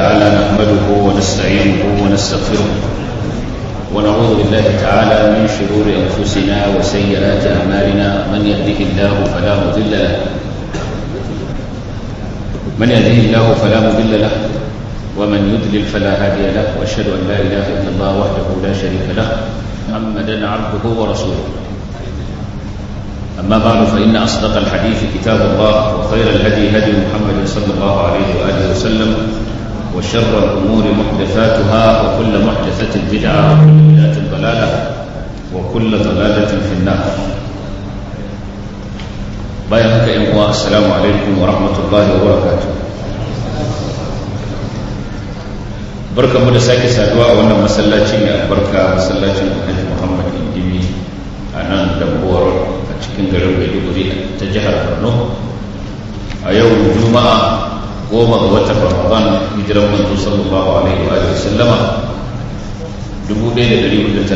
تعالى نحمده ونستعينه ونستغفره ونعوذ بالله تعالى من شرور أنفسنا وسيئات أعمالنا من يهده الله فلا مضل له من يهده الله فلا مضل له ومن يضلل فلا هادي له وأشهد أن لا إله إلا الله وحده لا شريك له محمدا عبده ورسوله أما بعد فإن أصدق الحديث كتاب الله وخير الهدي هدي محمد صلى الله عليه وآله وسلم وشر الأمور محدثاتها وكل محدثة بدعة وكل بدعة ضلالة وكل ضلالة في النار بايعك يا السلام عليكم ورحمة الله وبركاته barka mu da sake saduwa a wannan masallaci mai albarka masallacin Alhaji Muhammad Indimi a nan Dambuwar a cikin garin Maiduguri ta jihar Borno a yau Juma'a goma ga watan ramadan hijiran manzo sallallahu alaihi wa sallama 1431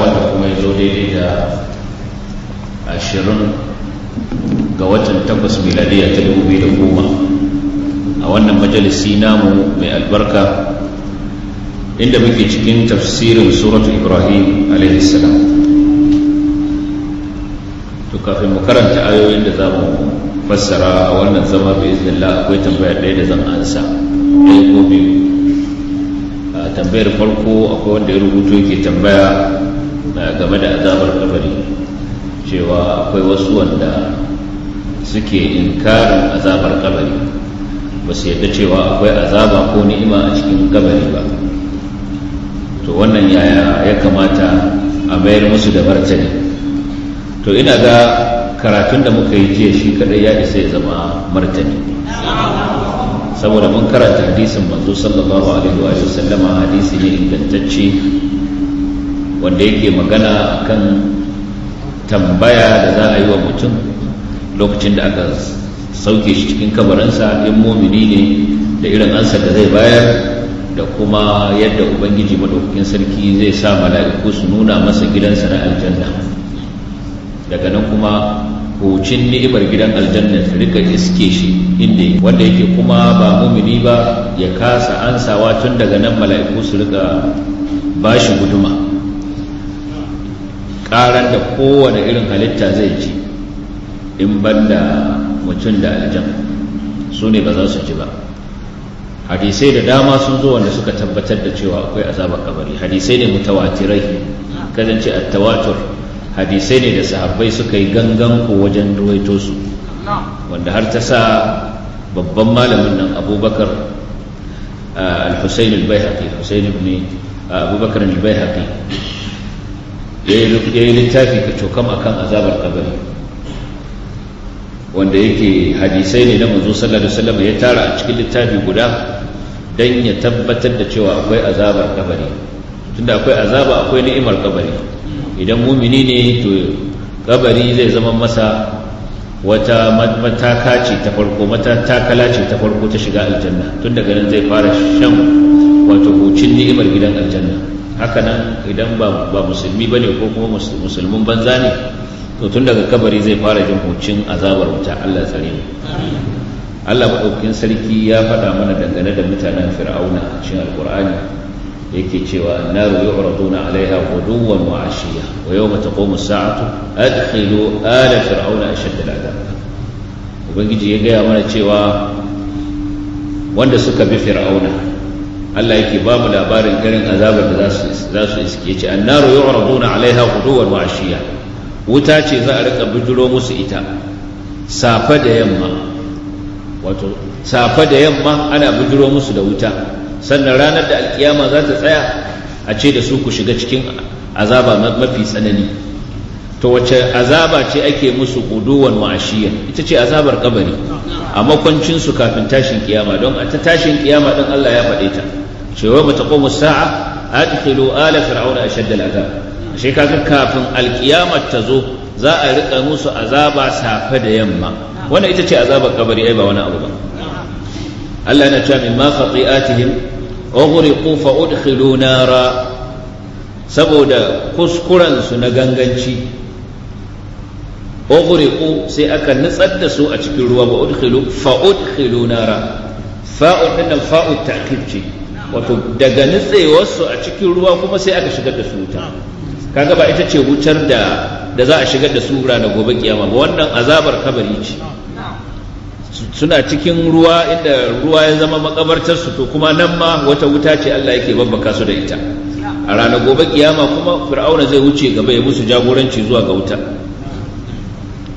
wanda kuma ya zo daidai da 20 ga watan takwas miladiya ta 2010 a wannan majalisi namu mai albarka inda muke cikin tafsirin suratu ibrahim alaihi salam to kafin mu karanta ayoyin da za mu fassara a wannan zama izinin la akwai tambaya ɗaya da zan ansa ɗaya ko biyu A tambayar farko akwai wanda ya rubuto yake tambaya game da azabar kabari cewa akwai wasu wanda suke inkarin azabar kabari ba su yadda cewa akwai azaba ko ni'ima a cikin kabari ba to wannan yaya ya kamata a mayar musu da martani to ina ga karatun da muka yi jiya shi kadai ya isa ya zama martani saboda mun karanta hadisin manzo sallallahu alaihi wa sallam hadisi ne ingantacce wanda yake magana akan tambaya da za a yi wa mutum lokacin da aka sauke shi cikin kabarinsa in mumini ne da irin ansa da zai bayar da kuma yadda ubangiji madaukakin sarki zai sa mala'iku su nuna masa gidansa na aljanna daga nan kuma hucin ni'imar gidan aljanna rika iske shi inda yake wanda yake kuma ba mumini ba ya kasa ansawa tun daga nan mala'iku su rika bashi guduma karan da kowane irin halitta zai ji in da mutum da aljan su ne ba za su ji ba hadisai da dama sun zo wanda suka tabbatar da cewa akwai azabar kabari hadisai ne mutawatirai kazance a tawatur hadisai ne da sahabbai suka yi gangan ko wajen ruwaito su wanda har ta sa babban malamin nan abubakar al-husain al-baihaqi husain ibn abubakar al-baihaqi ya yi littafi ka cokam akan azabar kabari wanda yake hadisai ne na manzo sallallahu alaihi wasallam ya tara a cikin littafi guda dan ya tabbatar da cewa akwai azabar kabari tunda akwai azaba akwai ni'imar kabari idan mumini ne to kabari zai zama masa wata mataka ce ta farko takala ce ta farko ta shiga aljanna tun daga nan zai fara shan wato hucin ni'imar gidan aljanna haka nan idan ba musulmi ba ne ko kuma musulmin banza ne to tun daga kabari zai fara jin hucin azabar wuta allah tsare mu allah maɗaukin sarki ya faɗa mana dangane da mutanen fir'auna a cikin alkur'ani yake cewa annaru yu'raduna 'alayha ghuduwan wa 'ashiya wa yawma taqumu as-sa'atu adkhilu ala fir'auna ashadda al'adab ubangiji ya gaya mana cewa wanda suka bi fir'auna Allah yake ba mu labarin irin azabar da za su iske ce annaru yu'raduna alaiha ghuduwan wa 'ashiya wuta ce za a rika bijiro musu ita safa da yamma wato safa da yamma ana bijiro musu da wuta sannan ranar da alkiyama za ta tsaya a ce da su ku shiga cikin azaba mafi tsanani to wace azaba ce ake musu kuduwan ma'ashiyar ita ce azabar kabari a makwancinsu kafin tashin kiyama don a ta tashin kiyama don Allah ya faɗe ta cewa mata ƙomus sa'a adkhilu ala fir'auna ashadda al'azab shi kaga kafin alkiyamar ta zo za a riƙa musu azaba safe da yamma wannan ita ce azabar kabari ai ba wani abu ba Allah yana cewa min ma khati'atihim ughriqu fa udkhilu nara saboda kuskurensu su na ganganci ughriqu sai aka nutsar da su a cikin ruwa Fa'ud udkhilu fa udkhilu nara fa'u dinnan fa'u ta'kid ce wato daga nutsewar su a cikin ruwa kuma sai aka shigar da su wuta kaga ba ita ce wucar da da za a shigar da su rana gobe kiyama ba wannan azabar kabari ce suna cikin ruwa inda ruwa ya zama makabartarsu to kuma nan ma wata wuta ce Allah yake babbaka su da ita a ranar gobe kiyama kuma fir'auna zai wuce gaba ya musu jagoranci zuwa ga wuta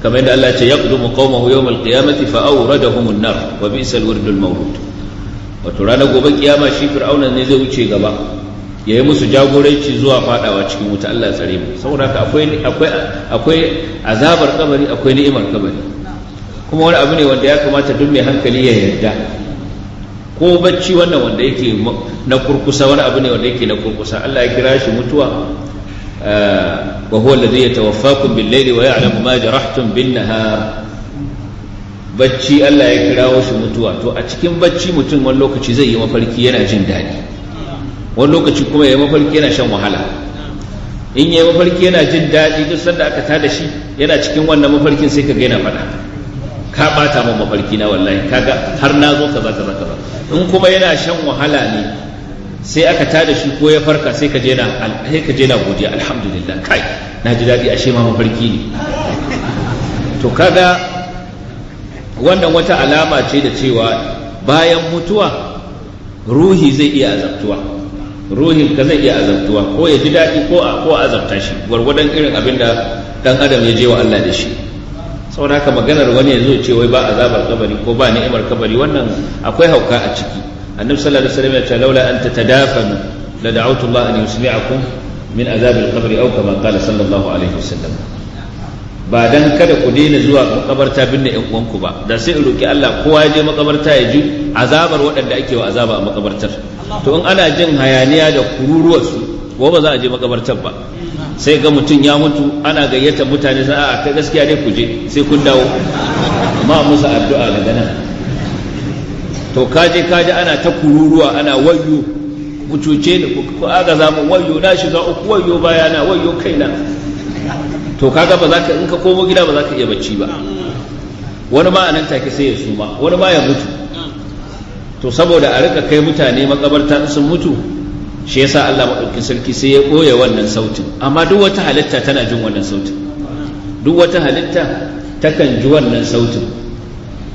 kamar yadda Allah ce yaqdumu qaumahu yawmal qiyamati fa awradahum an-nar wa bi'sal wirdul mawrud wato ranar gobe kiyama shi fir'auna ne zai wuce gaba ya yi musu jagoranci zuwa fadawa cikin wuta Allah ya tsare mu saboda haka akwai akwai akwai azabar kabari akwai ni'imar kabari kuma wani abu ne wanda ya kamata duk mai hankali ya yarda ko bacci wannan wanda yake na kurkusa wani abu ne wanda yake na kurkusa Allah ya kira shi mutuwa wa huwa alladhi yatawaffakum bil-layli wa ya'lamu ma jarahtum bin-nahar bacci Allah ya kirawo shi mutuwa to a cikin bacci mutum wani lokaci zai yi mafarki yana jin daɗi wani lokaci kuma ya yi mafarki yana shan wahala in ya yi mafarki yana jin daɗi duk sanda aka tada shi yana cikin wannan mafarkin sai ka ga yana faɗa ka bata min mafarki na wallahi kaga har na zo kaza kaza kaza in kuma yana shan wahala ne sai aka tada shi ko ya farka sai ka je na sai ka je na godiya alhamdulillah kai na ji daɗi ashe ma mafarki ne to kaga wannan wata alama ce da cewa bayan mutuwa ruhi zai iya azabtuwa ruhin ka zai iya azabtuwa ko ya ji daɗi ko a ko azabta shi gwargwadon irin abinda ɗan dan adam ya je wa Allah da shi saboda haka maganar wani yanzu ce wai ba azabar kabari ko ba ni'imar kabari wannan akwai hauka a ciki annabi sallallahu alaihi wasallam ya ce laula an tatadafanu la da'awtu Allah an yusmi'akum min azabil qabri aw kama qala sallallahu alaihi wasallam ba dan kada ku daina zuwa makabarta binne ƴan uwanku ba da sai in roki Allah kowa ya je makabarta ya ji azabar waɗanda ake wa azaba a makabartar to in ana jin hayaniya da kururuwar su ko ba za a je makabartar ba sai ga mutum ya mutu ana gayyata mutane sai a kai gaskiya ne ku je sai kun dawo amma musu addu'a daga nan to kaje kaje ana ta kururuwa ana wayo mutuce da ku aga za mu wayo na shiga uku wayo baya na wayo kaina to kaga ba za ka in ka komo gida ba za ka iya bacci ba wani ma a nan take sai ya suma wani ma ya mutu to saboda a rika kai mutane makabarta sun mutu shi yasa Allah maɗaukin sarki sai ya ɓoye wannan sautin amma duk wata halitta tana jin wannan sautin duk wata halitta takan ji wannan sautin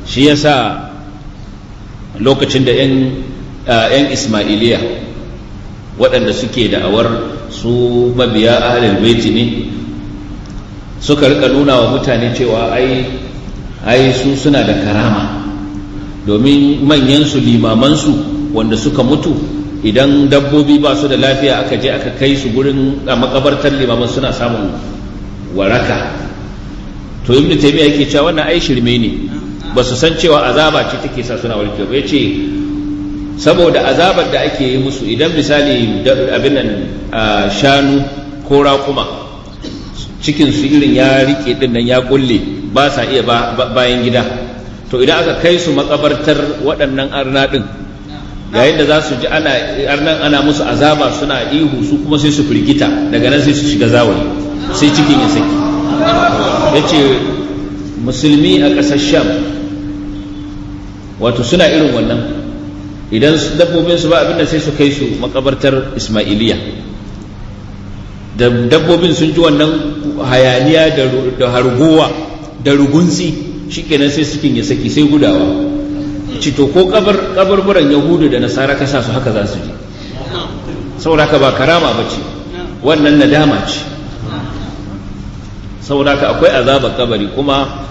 shi yasa lokacin da 'yan eh, ismailiya waɗanda suke da awar su mabiya halin baiti ne suka rika nuna wa mutane cewa ai su suna da karama domin manyan manyansu limamansu wanda suka mutu idan dabbobi ba su da lafiya aka je aka kai su gurin a makabartar limamin suna samun waraka to ibn taymiya yake cewa wannan ai shirme ne ba su san cewa azaba ce take sa suna warke ba ce saboda azabar da ake yi musu idan misali abin nan shanu ko raƙuma cikin su irin ya rike din nan ya kulle ba sa iya bayan gida to idan aka kai su makabartar waɗannan arna din yayin da za su ji ana arnan ana musu azaba suna ihu su kuma sai su firgita daga nan sai su shiga zawari sai cikin ya saki ya musulmi a ƙasar sham wato suna irin wannan idan dabbobin su ba abinda sai su kai su makabartar ismailiya dabbobin sun ji wannan hayaniya da harguwa da rugunsi shikenan sai cikin ya saki sai gudawa to ko kaburburan yahudu da nasara ka sa su haka za su ji saboda ka ba karama ba ce wannan nadama ce saboda ka akwai azabar kabari kuma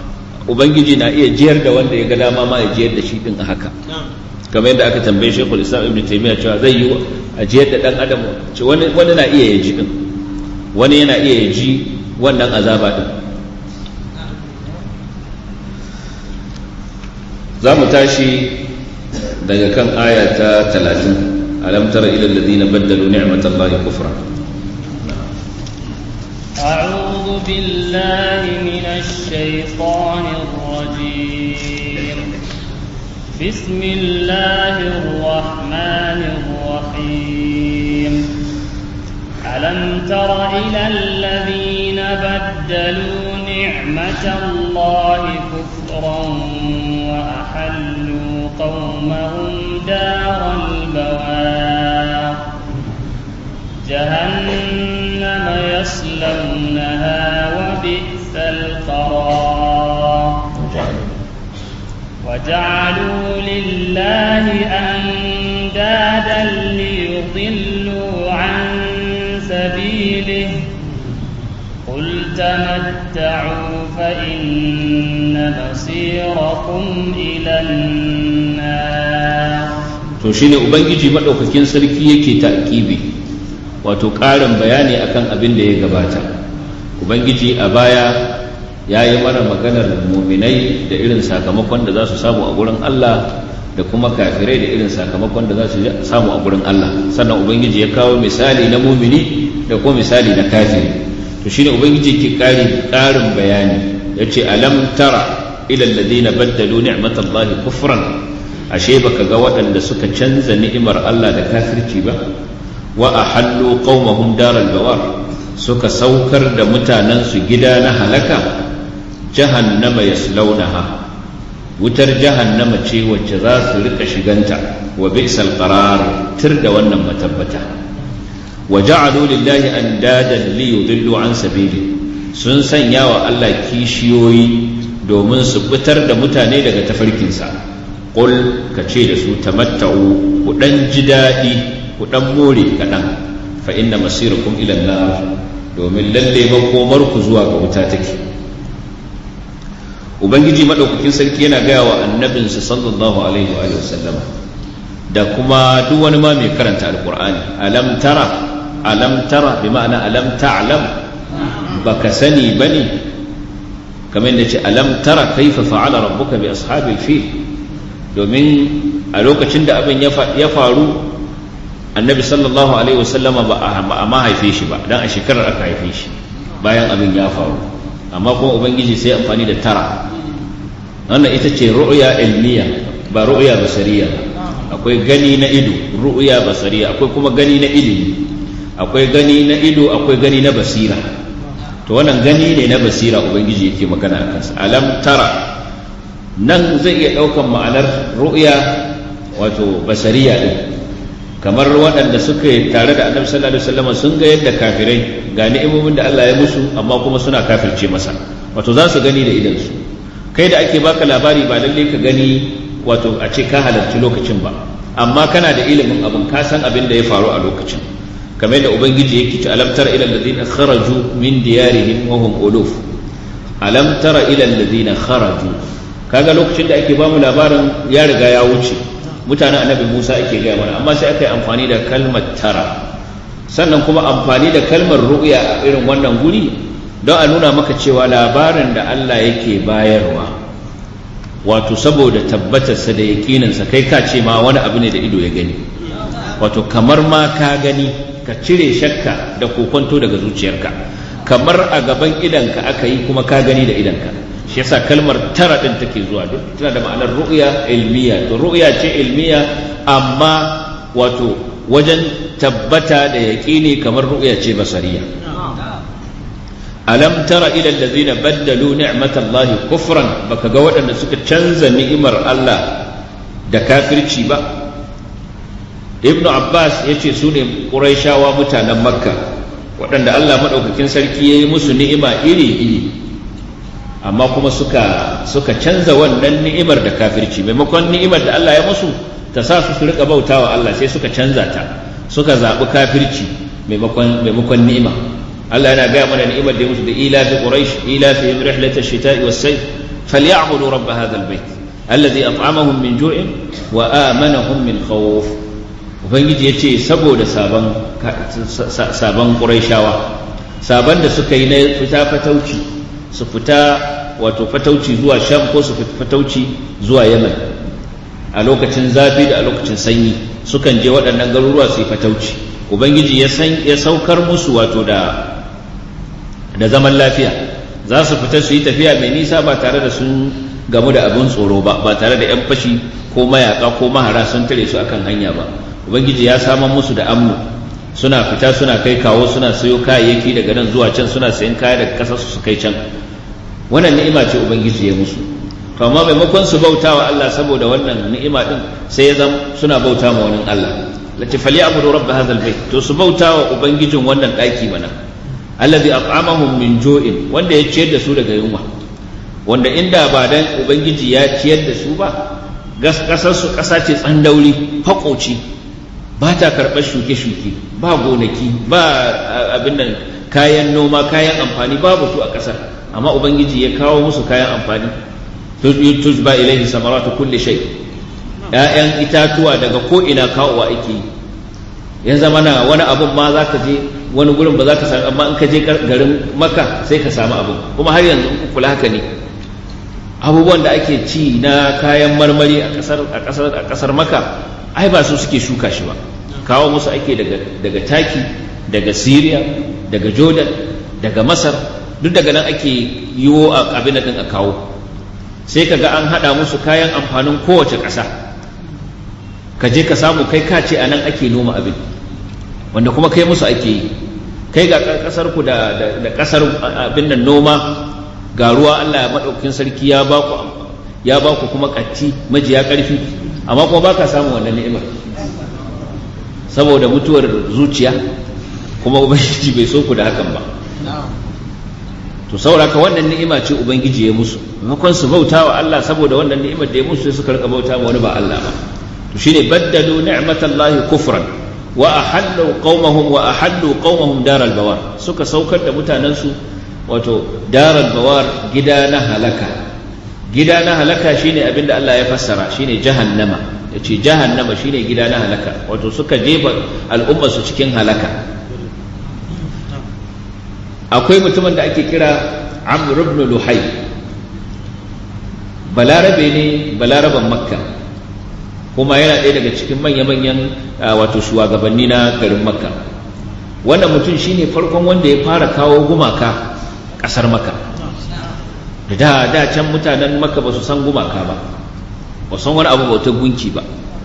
ubangiji na iya jiyar da wanda ya ga dama ma ya jiyar da shi din haka kamar yadda aka tambaye shekul islam ibn taymiya cewa zai yi a jiyar da dan adam ce wani na iya ya din wani yana iya ya wannan azaba din za mu tashi daga kan aya ta 30 alam tara ila alladhina baddalu ni'matallahi kufra أعوذ بالله من الشيطان الرجيم بسم الله الرحمن الرحيم ألم تر إلى الذين بدلوا نعمة الله كفرا وأحلوا قومهم دار البوار جهنم يصلونها وبئس القرار وجعلوا لله أندادا ليضلوا عن سبيله قل تمت تتمتعوا فَإِنَّ مَصِيرَكُمْ إِلَى النَّارِ to shine ubangiji madaukakin sarki yake ta'kibi wato ƙarin bayani akan abin da ya gabata ubangiji a baya ya yi mana maganar muminai da irin sakamakon da za su samu a gurin Allah da kuma kafirai da irin sakamakon da za su samu a gurin Allah sannan ubangiji ya kawo misali na mumini da kuma misali na kafiri to shine ubangiji ke kare ƙarin bayani yace alam tara ila alladhina baddalu ni'matallahi kufran ashe baka ga waɗanda suka canza ni'imar Allah da kafirci ba wa ahallu qaumahum daral bawar suka saukar da mutanensu gida na halaka jahannama yaslaunaha wutar jahannama ce wacce za su rika shiganta wa bi'sal qarar tir da wannan matabbata wa ja'alu lillahi andadan li yudillu an sun sanya wa Allah kishiyoyi domin su fitar da mutane daga tafarkinsa qul ka ce da su tamatta'u ku dan ji daɗi ku more kaɗan fa inna masirukum ila nar domin lalle makomar ku zuwa ga wuta take ubangiji madaukakin sarki yana gaya wa annabinsa sallallahu alaihi wa sallama da kuma duk wani ma mai karanta alkur'ani alam tara Alamtara tara bi ma'ana alam ta'lam baka sani bane kamar yadda ce alam tara kaifa fa'ala rabbuka bi ashabil fil domin a lokacin da abin ya faru annabi sallallahu alaihi wasallama ba a ma haife shi ba dan a shekarar aka haife shi bayan abin ya faru amma kuma ubangiji sai amfani da tara wannan ita ce ru'ya ilmiya ba ru'ya basariya akwai gani na ido ru'ya basariya akwai kuma gani na ilimi akwai gani na ido akwai gani na basira to wannan gani ne na basira ubangiji yake magana a kansa alam tara nan zai iya ɗaukan ma'anar ru'ya wato basariya din kamar waɗanda suka tare da annabi sallallahu alaihi wasallam sun ga yadda kafirai ga ni'imomin da Allah ya musu amma kuma suna kafirce masa wato za su gani da idan su kai da ake baka labari ba lalle ka gani wato a ce ka halarci lokacin ba amma kana da ilimin abin ka san abin da ya faru a lokacin kamar da ubangiji yake ci alam tara ila alladhina kharaju min diyarihim wa hum uluf alam tara ila alladhina kharaju kaga lokacin da ake ba mu labarin ya riga ya wuce mutanen annabi Musa ake gaya mana amma sai aka yi amfani da kalmar tara sannan kuma amfani da kalmar ru'ya a irin wannan guri don a nuna maka cewa labarin da Allah yake bayarwa wato saboda tabbatarsa da sa, kai ka ce ma wani abu ne da ido ya gani wato kamar ma ka gani ka cire shakka da kokonto daga zuciyarka kamar a gaban idanka aka yi kuma ka gani da idanka shi yasa kalmar tara din take zuwa duk tana da ma'anar ru'ya ilmiya to ru'ya ce ilmiya amma wato wajen tabbata da yaƙi ne kamar ru'ya ce basariya alam tara ila allazina baddalu ni'matallahi kufran baka ga waɗanda suka canza ni'imar Allah da kafirci ba ibnu abbas ya ce su ne ƙuraishawa mutanen makka waɗanda allah maɗaukakin sarki ya yi musu ni'ima iri-iri amma kuma suka suka canza wannan ni'imar da kafirci maimakon ni'imar da allah ya musu ta sa su riƙa bautawa allah sai suka canza ta suka zaɓi kafirci maimakon ni'ima Allah yana gaya mana ni'imar da ya musu da ilafi Quraysh ilafi rihlata shita'i was sayf falyabudu rabb hadha albayt alladhi at'amahum min ju'in wa amanahum min khawf ubangiji ya ce saboda sabon ƙuraishawa sabon da suka yi na fita fatauci su fita wato fatauci zuwa sham ko su fatauci zuwa yaman a lokacin zafi da a lokacin sanyi sukan je waɗannan garuruwa su yi fatauci ubangiji ya saukar musu wato da zaman lafiya za su fita su yi tafiya mai nisa ba tare da sun gamu da abin tsoro ba ba tare da 'yan fashi ko mayaka ko mahara sun tare su akan hanya ba ubangiji ya samar musu da amnu suna fita suna kai kawo suna sayo kayayyaki daga nan zuwa can suna sayan kaya daga ƙasar su kai can wannan ni'ima ce ubangiji ya musu to amma maimakon su bauta wa Allah saboda wannan ni'ima din sai ya zama suna bauta ma wani Allah lati fali abudu rabb hadha albayt to su bauta wa ubangijin wannan daki mana alladhi at'amahum min ju'in wanda ya ciyar da su daga yunwa wanda inda ba dan ubangiji ya ciyar da su ba gaskasar su kasa ce tsandauri fakoci ba ta karɓar shuke-shuke ba gonaki ba abin nan kayan noma kayan amfani babu su a ƙasar amma ubangiji ya kawo musu kayan amfani ba ilaihi samaratu kulli shay ya'yan itatuwa daga ko ina kawowa ake yi ya zama na wani abun ma za ka je wani gurin ba za ka samu amma in ka je garin maka sai ka samu abun kuma har yanzu in kula haka ne abubuwan da ake ci na kayan marmari a kasar a kasar a maka ai ba su suke shuka shi ba kawo musu ake daga taki daga syria daga jordan daga masar duk daga nan ake yiwo a abin din a kawo sai ka ga an haɗa musu kayan amfanin kowace ƙasa ka je ka samu kai ka ce a nan ake noma abin wanda kuma kai musu ake yi kai ga ƙasar ku da ƙasar abin nan noma ga ruwa allah maɗaukin sarki ya ba ku kuma katti majiya ƙarfi amma kuma ka samu wannan ni'imar saboda mutuwar zuciya kuma ubangiji bai so ku da hakan ba to sauraka wannan ni'ima ce ubangiji ya musu makon su bauta wa Allah saboda wannan ni'imar da ya musu sai suka bauta ma wani ba Allah ba to shine baddalu ni'matallahi kufran wa ahallu qaumahum wa ahallu qaumahum daral bawar suka saukar da mutanensu wato daral bawar gida na halaka gida na halaka shine abinda Allah ya fassara shine jahannama yace jahannama shine gida na halaka wato suka jefa al'umma su cikin halaka akwai mutumin da ake kira Amr ibn Luhay balarabe ne balaraben Makka kuma yana ɗaya daga cikin manya-manyan ah, wato shugabanni na garin Makka wannan mutum shine farkon wanda ya fara kawo gumaka ƙasar Makka da da da can mutanen maka ba su san gumaka ba ba san wani abu bautar gunki ba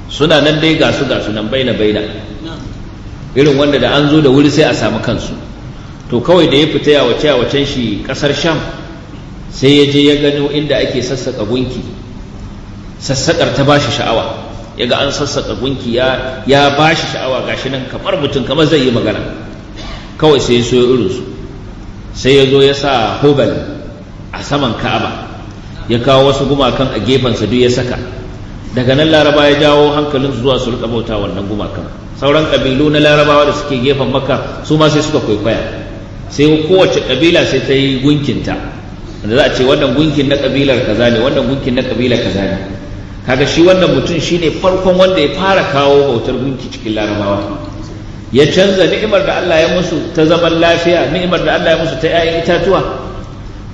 suna nan dai gasu gasu nan baina baina irin wanda da an zo da wuri sai a samu kansu to kawai da ya fita ya wace wacen shi kasar sham sai ya je ya gano inda ake sassaka gunki sassakar ta bashi sha'awa ya ga an sassaka gunki ya ya bashi sha'awa gashi nan kamar mutum kamar zai yi magana kawai sai ya so irinsu sai ya zo ya sa hobali a saman ka'aba ya kawo wasu gumakan a gefensa duk ya saka daga nan laraba ya jawo hankalin zuwa su rika bauta wannan gumakan sauran kabilu na larabawa da suke gefen maka su ma sai suka kwaikwaya sai kowace kabila sai ta yi gunkinta da za a ce wannan gunkin na kabilar kaza ne wannan gunkin na kabila kaza ne kaga shi wannan mutum shine farkon wanda ya fara kawo bautar gunki cikin larabawa ya canza ni'imar da Allah ya musu ta zaman lafiya ni'imar da Allah ya musu ta 'ya'yan itatuwa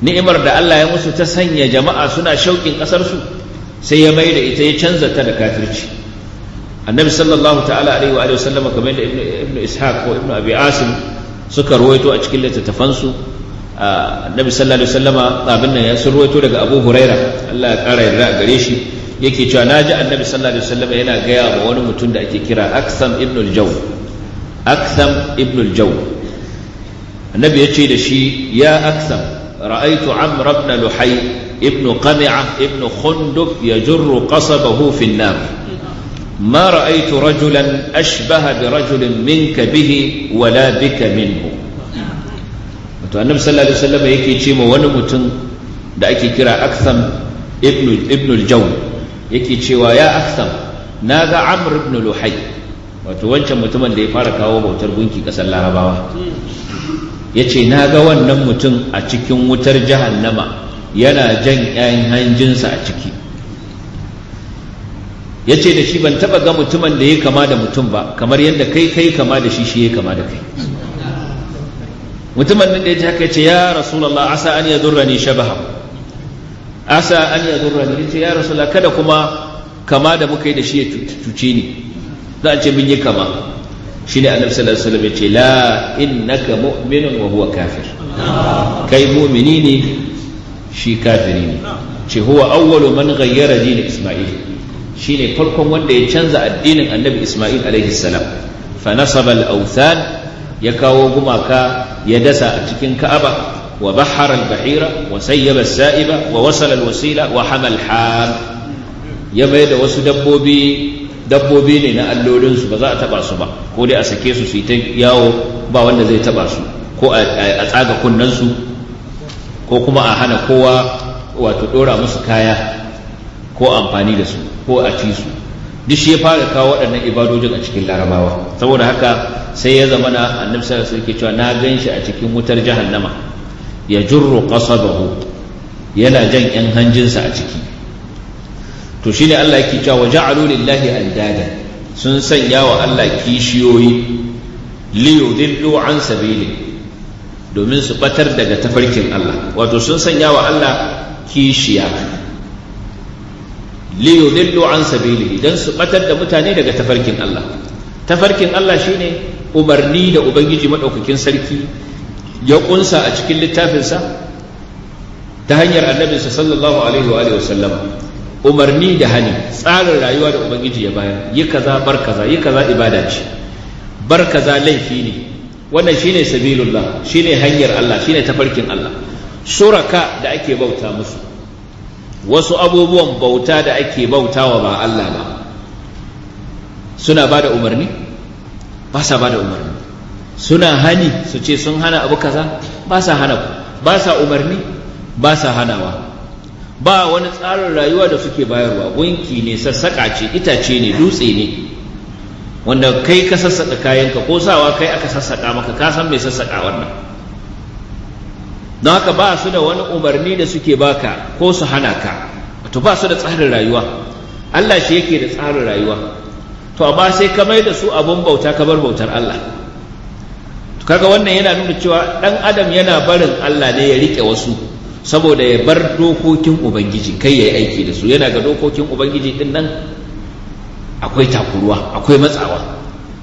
ni'imar da Allah ya musu ta sanya jama'a suna shauƙin ƙasarsu sai ya mai da ita ya canza ta da kafirci annabi sallallahu ta'ala alaihi wa sallama kamar da ibnu ishaq ko ibnu abi asim suka ruwaito a cikin littattafansu annabi sallallahu alaihi wasallama abin nan ya sun ruwaito daga abu huraira Allah ya ƙara yarda a gare shi yake cewa na ji annabi sallallahu alaihi wasallama yana gaya wa wani mutum da ake kira aksam ibn al-jaw aksam ibn al annabi ya ce da shi ya aksam رأيت عمرو بن لحي ابن قمعة ابن خندب يجر قصبه في النار ما رأيت رجلا أشبه برجل منك به ولا بك منه wato annabi sallallahu alaihi wasallam yake ce ma wani mutum da ake kira aktham ibn ibn al-jaw yake cewa ya aktham na ga amr ibn luhay wato wancan mutumin da ya fara kawo bautar gunki kasar larabawa Ya ce na ga wannan mutum a cikin wutar jahannama yana jan 'yan hanjinsa a ciki Ya ce da shi ban taba ga mutumin da ya kama da mutum ba kamar yadda kai kai kama da shi shi ya kama da kai mutumin da ya ce haka ce ya a asa an yadurrani shabaha asa an ne. ce ya rasulullah kada kuma kama da muka yi da shi ya cuce ni za a ce mun yi kama shine annabi sallallahu alaihi wasallam yace la innaka mu'minun wa huwa kafir kai mu'mini ne shi kafiri ne ce huwa awwalu man ghayyara din isma'il shine farkon wanda ya canza addinin annabi isma'il alaihi salam fa nasaba al-awthan ya kawo gumaka ya dasa a cikin ka'aba wa bahara al-bahira wa sayyaba as-sa'iba wa wasala al-wasila wa hamal ham ya mai da wasu dabbobi dabbobi ne na allolinsu ba za a taba su ba ko dai a sake su su yi ta yawo ba wanda zai taba su ko a tsaga kunnensu ko kuma a hana kowa wato dora musu kaya ko amfani da su ko a ci su duk shi ya fara kawo waɗannan ibadojin a cikin larabawa saboda haka sai ya zama na annabi sallallahu ke cewa na gan shi a cikin wutar jahannama ya jurru qasabahu yana jan yan hanjinsa a ciki to ne Allah yake cewa wa ja'alu lillahi andada sun sanya wa Allah kishiyoyi li yudillu an sabili domin su batar daga tafarkin Allah wato sun sanya wa Allah kishiya li yudillu an sabili dan su batar da mutane daga tafarkin Allah tafarkin Allah shine umarni da ubangiji madaukakin sarki ya kunsa a cikin littafinsa ta hanyar annabinsa sallallahu alaihi wa sallama umarni da hani tsarin rayuwa da ubangiji ya bayar yi kaza bar kaza yi kaza ibada ce bar kaza laifi ne wannan shine sabilullah shine hanyar Allah shine tafarkin Allah shuraka da ake bauta musu wasu abubuwan bauta da ake bautawa ba Allah ba suna ba da umarni ba sa ba da umarni suna hani su ce sun hana abu kaza ba sa hana ba sa umarni ba sa hanawa ba wani tsarin rayuwa da suke bayarwa gunki ne sassaƙa ce itace ne dutse ne wanda kai ka sassaƙa kayanka ko sawa kai aka sassaƙa maka ka san mai sassaƙa wannan don haka ba su da wani umarni da suke baka ko su hana ka to ba su da tsarin rayuwa Allah shi yake da tsarin rayuwa to amma sai ka mai da su abun bauta ka bar bautar Allah to kaga wannan yana nuna cewa dan adam yana barin Allah ne ya rike wasu saboda ya bar dokokin ubangiji kai ya yi aiki da su yana ga dokokin ubangiji din nan akwai takuruwa akwai matsawa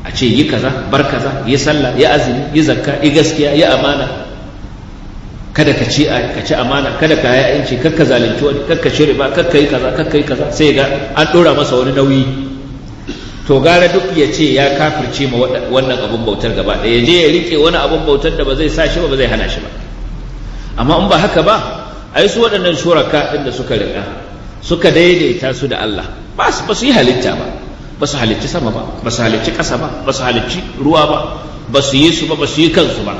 a ce yi kaza bar kaza yi sallah yi azumi yi zakka yi gaskiya yi amana kada ka ci ka ci amana kada ka yi ainci kakka zalunci wani kakka ci riba kakka yi kaza kakka yi kaza sai ga an dora masa wani nauyi to gara duk ya ce ya kafirce ma wannan abun bautar gaba ɗaya ya je ya rike wani abun bautar da ba zai sa shi ba ba zai hana shi ba amma in ba haka ba ai su waɗannan shuraka ɗin da suka riƙa suka daidaita su da Allah ba su ba su yi halitta ba ba su halicci sama ba ba su halicci ƙasa ba ba su halicci ruwa ba ba su yi su ba ba su yi kansu ba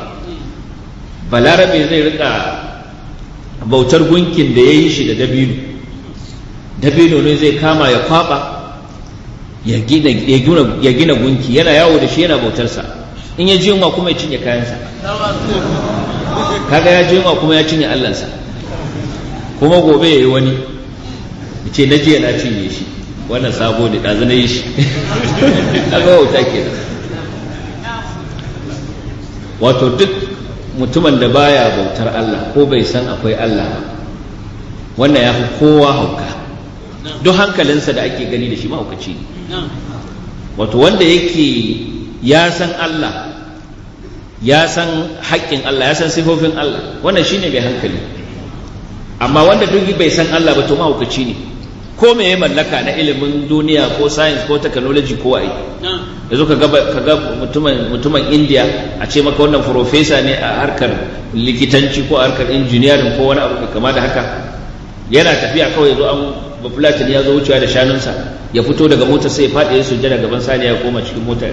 balarabe zai riƙa bautar gunkin da ya yi shi da dabino dabino ne zai kama ya kwaɓa ya gina gunki yana yawo da shi yana bautarsa in ya ji yunwa kuma ya cinye kayansa kaga ya ji kuma ya cinye allansa kuma gobe ya yi wani ce na jiya na cinye shi wannan sabo da ɗazu na yi shi kaga wauta da. wato duk mutumin da baya bautar Allah ko bai san akwai Allah ba wannan ya fi kowa hauka duk hankalinsa da ake gani da shi mahaukaci ne wato wanda yake ya san Allah ya san haƙƙin Allah ya san sifofin Allah wannan shine mai hankali amma wanda duk bai san Allah ba to mahaukaci ne ko me ya mallaka na ilimin duniya ko science ko technology ko ai yanzu ka ga mutumin India a ce maka wannan professor ne a harkar likitanci ko a harkar engineering ko wani abu kama da haka yana tafiya kawai zo an bafulatin ya zo wucewa da shanunsa ya fito daga motar sai ya faɗi ya sujjada gaban saniya ya koma cikin motar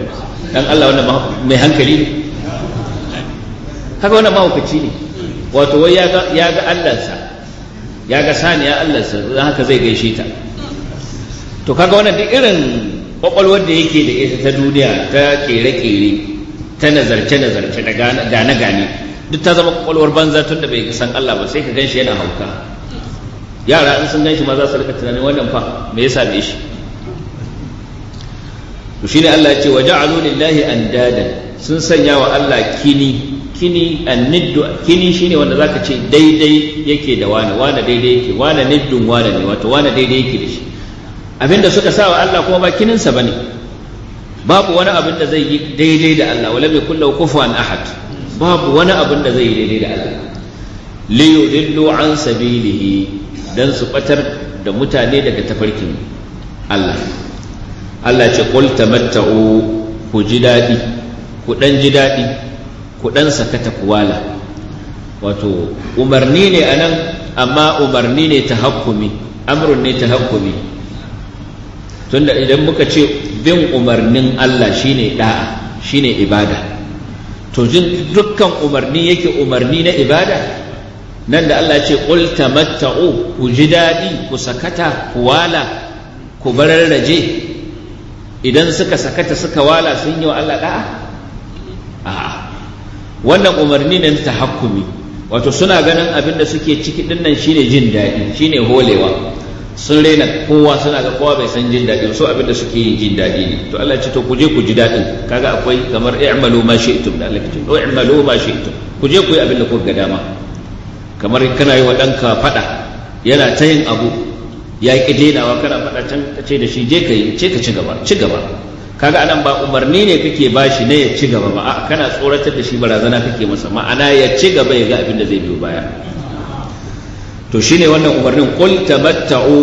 dan Allah wannan mai hankali ne kaga wannan mahaukaci ne wato wai ya ga allansa ya ga saniya allansa don haka zai gaishe ta to kaga wannan duk irin kwakwalwar da yake da ita ta duniya ta kere-kere ta nazarce-nazarce da gane-gane duk ta zama kwakwalwar banza tun da bai san Allah ba sai ka gan shi yana hauka yara in sun ganshi ma za su rika tunanin wannan fa me yasa same shi to shine Allah ya ce wa ja'alu lillahi andadan sun sanya wa Allah kini kini anniddu kini shine wanda zaka ce daidai yake da wani wani daidai yake wani niddun wani ne wato wani daidai yake da shi abinda suka sa wa Allah kuma ba kininsa bane babu wani abin da zai yi daidai da Allah wala bai kullu kufuwan ahad babu wani abin da zai yi daidai da Allah li yudillu an sabilihi don su batar da mutane daga tafarkin Allah Allah ce qul tamatta'u ku ji daɗi ku ɗan ji daɗi ku ɗan sakata kuwala wato umarni ne a nan amma umarni ne ta hakkumi amrun ne ta hakkumi tunda idan muka ce bin umarnin Allah shine da'a shine ibada to jin dukkan umarni yake umarni na ibada nan da Allah ce qul tamatta'u ku ji daɗi ku sakata ku wala ku bararraje idan suka sakata suka wala sun yi wa Allah da'a a'a wannan umarni ne ta hakumi wato suna ganin abin da suke ciki dinnan shine jin daɗi shine holewa sun raina kowa suna ga kowa bai san jin daɗi so abin da suke yi jin daɗi ne to Allah ce to ku je ku ji daɗin kaga akwai kamar i'malu ma shi'tum da Allah ce i'malu ma shi'tum ku je ku yi abin da kuka ga dama kamar kana yi wa ɗanka faɗa yana ta yin abu ya ƙi denawa kana faɗa can ka ce da shi je ka yi ce ka ci gaba ci gaba kaga anan ba umarni ne kake bashi ne ya ci gaba ba a kana tsoratar da shi barazana kake masa ma'ana ya ci gaba ya ga abin da zai biyo baya to shine wannan umarnin qul tabatta'u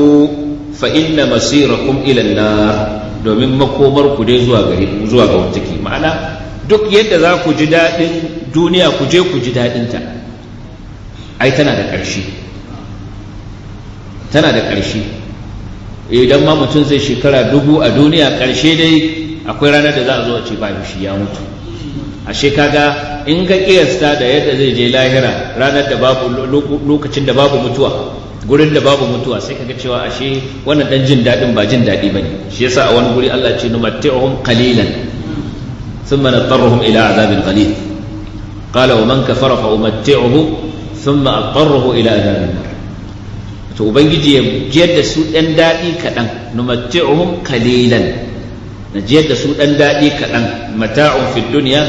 fa inna masirakum ila an-nar domin makomar ku dai zuwa gari zuwa ga wata ma'ana duk yadda za ku ji daɗin duniya ku je ku ji daɗinta ta ai tana da ƙarshe tana da ƙarshe idan ma mutum zai shekara dubu a duniya ƙarshe dai akwai ranar da za a zo a ce ba shi ya mutu ashe kaga in ka kiyasta da yadda zai je lahira ranar da babu lokacin da babu mutuwa gurin da babu mutuwa sai kaga cewa ashe wannan dan jin daɗin ba jin daɗi bane shi yasa a wani guri Allah ce numatti'uhum qalilan thumma nadarruhum ila azabin qalil qala wa man kafara fa umatti'uhu thumma adtarruhu ila adhabin nar ya jiyar dan dadi kadan numatti'uhum qalilan na jiyar da su dan dadi kadan mata'un fid dunya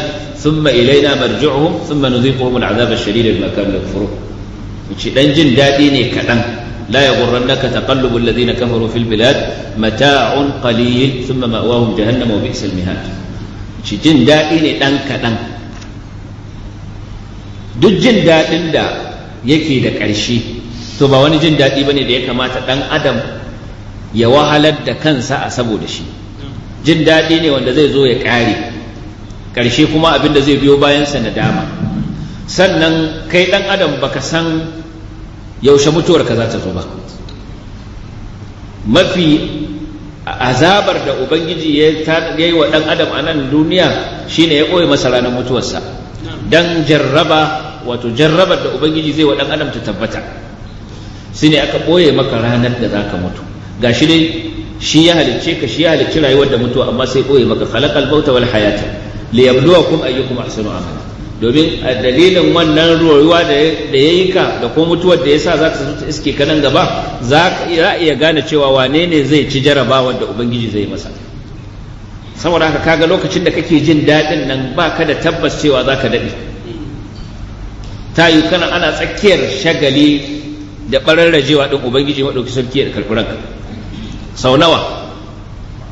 لا يغرنك تقلب الذين كفروا في البلاد متاع قليل ثم مأواهم جهنم وبئس المهاد جن duk jin daɗin da yake da ƙarshe to ba wani jin daɗi bane da ya kamata ɗan adam ya wahalar da kansa a saboda shi jin daɗi ne wanda zai zo ya ƙare ƙarshe kuma abin da zai biyo bayansa na dama sannan kai ɗan adam baka san yaushe mutuwar ka za ta zo ba mafi azabar da ubangiji ya yi wa ɗan adam a nan duniya shine ya ɓoye masa ranar mutuwarsa don jarraba wato jarrabar da ubangiji zai wa dan adam ta tabbata ne aka boye maka ranar da zaka mutu gashi dai shi ya halicce ka shi ya halicci rayuwar da mutuwa amma sai boye maka khalaqal mauta wal hayata yabluwakum ayyukum ahsanu amala domin a dalilin wannan ruwa da ya yi ka da ko mutuwar da ya sa za ka iske ka nan gaba za ka iya gane cewa wane ne zai ci jarabawar da ubangiji zai masa saboda haka kaga lokacin da kake jin daɗin nan ba ka da tabbas cewa za ka daɗe ta yi kana ana tsakiyar shagali da ɓararrajewa ɗin ubangiji maɗauki sarki da karɓi ranka sau nawa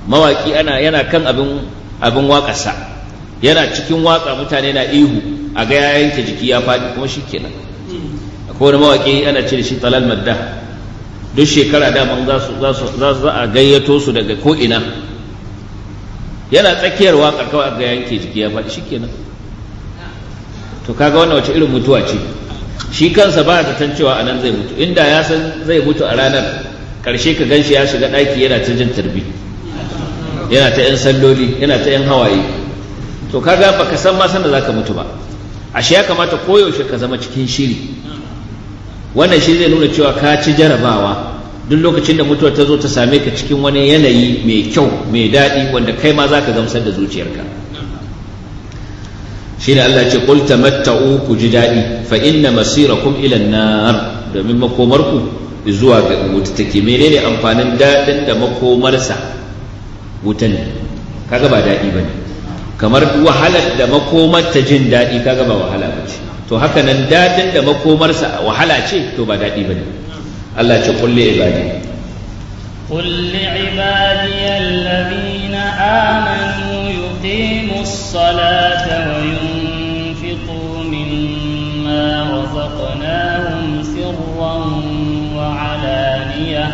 mawaƙi ana yana kan abin abin waƙarsa yana cikin waƙa mutane na ihu a ga ya yanke jiki ya faɗi kuma shi kenan akwai wani mawaƙi ana ce da shi talal madda duk shekara daman za a gayyato su daga ko'ina yana tsakiyar waƙar kawai a ga yanke jiki ya faɗi shi kenan to kaga wannan wace irin mutuwa ce shi kansa ba tan cewa anan nan zai mutu inda ya san zai mutu a ranar karshe ka ganshi ya shiga ɗaki yana ta jin tarbi yana ta 'yan salloli yana ta 'yan hawaye to kaga baka san ma da zaka mutu ba ashe ya kamata koyaushe ka zama cikin shiri wannan shi zai nuna cewa ka ci jarabawa duk lokacin da mutuwa ta zo ta same ka cikin wani yanayi mai kyau mai daɗi wanda kai ma zaka gamsar da zuciyarka shine Allah ce qul tamatta'u ku ji daɗi fa inna masirakum ila nar domin makomarku zuwa ga wuta take menene amfanin daɗin da makomarsa wutan ne kaga ba daɗi bane kamar wahalar da makomar ta jin daɗi kaga ba wahala bace to haka nan daɗin da makomarsa wahala ce to ba daɗi bane Allah ce qul li ibadi qul li ibadi alladhina amanu يقيموا الصلاة وينفقوا مما رزقناهم سرا وعلانية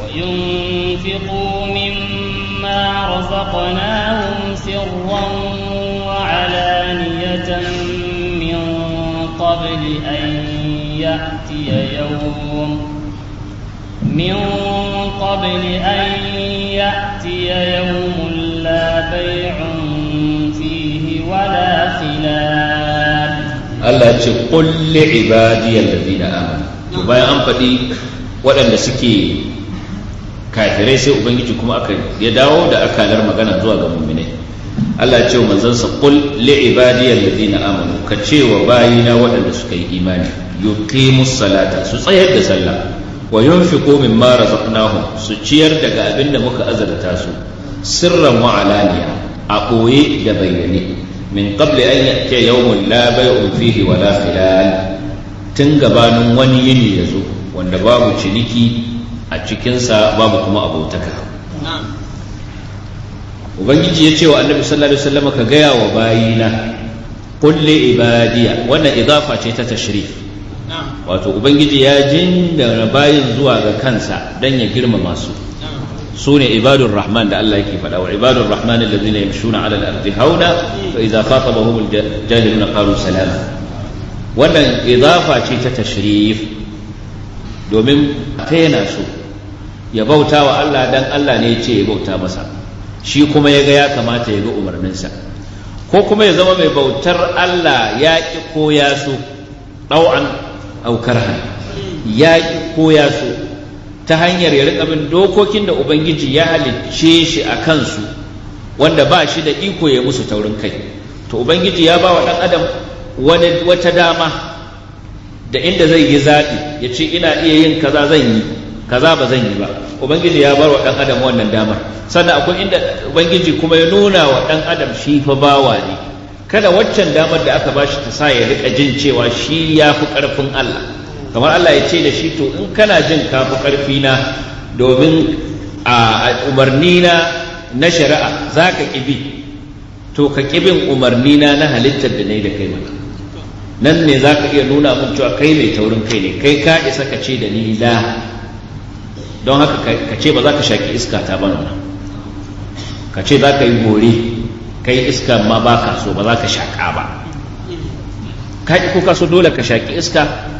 وينفقوا مما رزقناهم سرا وعلانية من قبل أن يأتي يوم من قبل أن يأتي يوم فيها بيع فيه ولا خلال الله قل لعبادي الذين آمنوا وبايا أنفدي waɗanda suke kafirai sai ubangiji kuma aka ya dawo da akalar magana zuwa ga muminai Allah ce wa manzansa qul li ibadiyal ladina amanu ka ce wa bayina waɗanda suka yi imani yuqimus salata su tsayar da sallah wa yunfiqu mimma razaqnahum su ciyar daga abin da muka azarta su sirran wa alaniya a ɓoye da bayyane min qabli an ya'ti yawmun la bay'un fihi wa la filal tun gabanin wani yini ya zo wanda babu ciniki a cikinsa babu kuma abotaka ubangiji ya ce wa annabi sallallahu alaihi wasallam ka gaya wa bayina kulli ibadiya wannan idafa ce ta tashrif wato ubangiji ya jingara bayin zuwa ga kansa dan ya girmama su su ne ibadun rahman da Allah yake faɗa wa ibadun rahman allazina yamshuna ala al-ardi hauna fa idza khatabahum al-jahiluna qalu salama wannan idafa ce ta tashrif domin ta yana so ya bauta wa Allah dan Allah ne ya ce ya bauta masa shi kuma ya ga ya kamata ya ga umarninsa ko kuma ya zama mai bautar Allah ya ki ko ya ɗau'an aukar ya ki ko ya ta hanyar ya riƙa bin dokokin da ubangiji ya halicce shi a kansu wanda ba shi da iko ya musu taurin kai to ubangiji ya ba wa ɗan adam wata dama da inda zai yi zaɓi ya ce ina iya yin kaza zan yi kaza ba zan yi ba ubangiji ya bar wa ɗan adam wannan damar sannan akwai inda ubangiji kuma ya nuna wa ɗan adam shi fa bawa ne kada waccan damar da aka ba shi ta sa ya riƙa jin cewa shi ya fi ƙarfin allah kamar Allah ya ce da shi to in kana jin kafa ƙarfi na domin a umarni na na shari'a za ka ƙibi to ka ƙibin umarni na na halittar da na yi da kai mana nan ne za ka iya nuna mun cewa kai mai taurin kai ne kai ka isa ka ce da ni la don haka ka ce ba za ka shaƙi iska ta ba nuna ka ce za ka yi ka kai iska ma ba ka so ba za ka shaƙa ba ka ko ka so dole ka shaƙi iska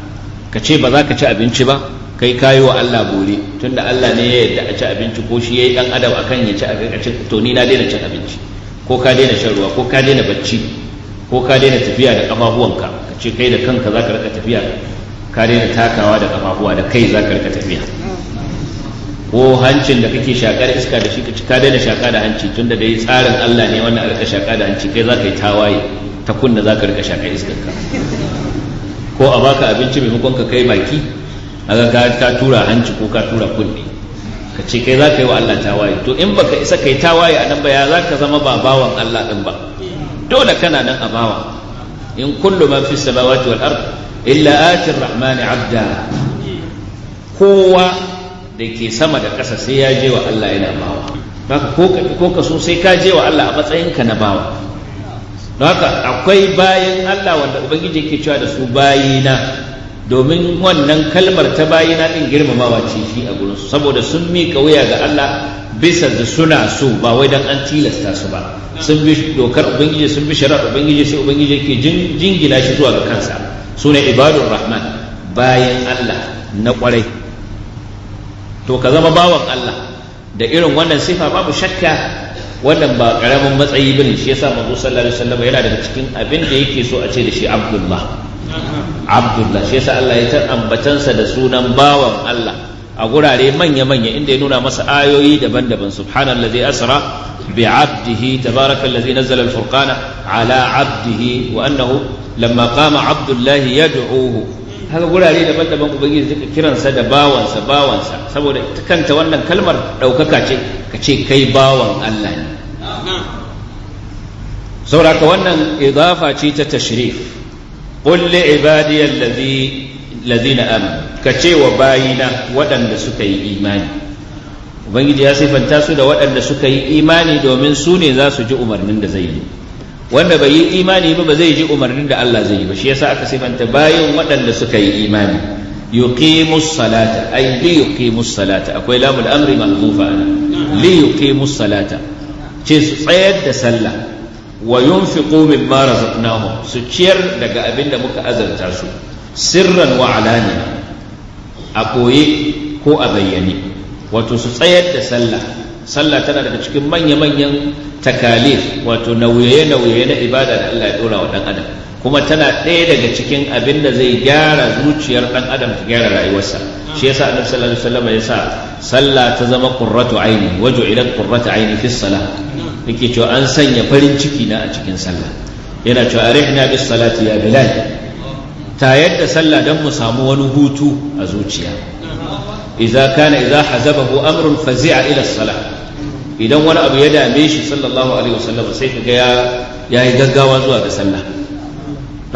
ka ce ba za ka ci abinci ba kai kayo wa Allah bore tunda Allah ne ya yadda a ci abinci ko shi yayi dan adam akan ya ci abinci to ni na daina cin abinci ko ka daina shan ruwa ko ka daina bacci ko ka daina tafiya da kafafuwanka ka ce kai da kanka za ka rika tafiya ka daina takawa da kafafuwa da kai za ka rika tafiya ko hancin da kake shakar iska da shi ka ka daina shaka da hanci tunda dai tsarin Allah ne wannan a rika shaka da hanci kai za ka yi tawaye ta kunna za ka rika shakar iskar ka ko a baka abinci mai hukunka kai baki a ka ka tura hanci ko ka tura kunne ka ce kai za ka yi wa Allah tawaye to in baka isa kai tawaye a nan ba ya za ka zama ba bawan Allah din ba dole kana nan a bawa in kullu man fi samawati wal ard illa ati rahmani abda kowa da ke sama da ƙasa sai ya je wa Allah yana bawa baka ko ka so sai ka je wa Allah a matsayinka na bawa don haka akwai bayan Allah wanda ubangiji ke cewa da su bayina domin wannan kalmar ta bayina din girmamawa ce shi a gurin su saboda sun miƙa wuya ga Allah bisa da suna so ba wai don an tilasta su ba sun bi dokar ubangiji sun bi shari'ar ubangiji sai ubangiji ke jingina shi zuwa ga kansa su ne ibadun rahman bayan Allah na kwarai to ka zama bawan Allah da irin wannan sifa babu shakka wannan ba karamin matsayi bane shi yasa manzo sallallahu alaihi wasallam yana daga cikin abin da yake so a ce da shi abdullah abdullah shi yasa Allah ya ambatansa da sunan bawan Allah a gurare manya-manya inda ya nuna masa ayoyi daban-daban subhanallazi asra بعبده تبارك الذي نزل الفرقان على عبده وأنه لما haka gurare daban-daban ubangiji suka kiransa da bawansa bawansa saboda ta kanta wannan kalmar ɗaukaka ce ka ce kai bawan Allah ne sauraka wannan idafa ce ta tashrif qul li ibadiy alladhina am ka ce wa bayina waɗanda suka yi imani ubangiji ya sifanta su da waɗanda suka yi imani domin su ne za su ji umarnin da zai yi wanda bai yi imani ba ba zai ji umarnin da Allah zai yi ba shi yasa aka sifanta bayan waɗanda suka yi imani yuqimus salata ay li yuqimus salata akwai lamul amri mahzufa li yuqimus salata ce su tsayar da sallah wa yunfiqu mimma razaqnahum su ciyar daga abin da muka azarta su sirran wa alaniya a koye ko a bayyane wato su tsayar da sallah sallah tana daga cikin manya-manyan takalif wato nauye-nauye na ibada da Allah ya dora wa adam kuma tana ɗaya daga cikin abin da zai gyara zuciyar dan adam ta gyara rayuwarsa shi yasa annabi sallallahu alaihi wasallam ya sa sallah ta zama qurratu aini waju ila qurratu aini fi salah yake cewa an sanya farin ciki na a cikin sallah yana cewa arihna bis salati ya bilal ta yadda sallah dan mu samu wani hutu a zuciya إذا كان إذا حزبه أمر فزع ila الصلاة idan wani abu ya dame shi sallallahu alaihi wasallam sai kaga ya yayi gaggawa zuwa ga sallah don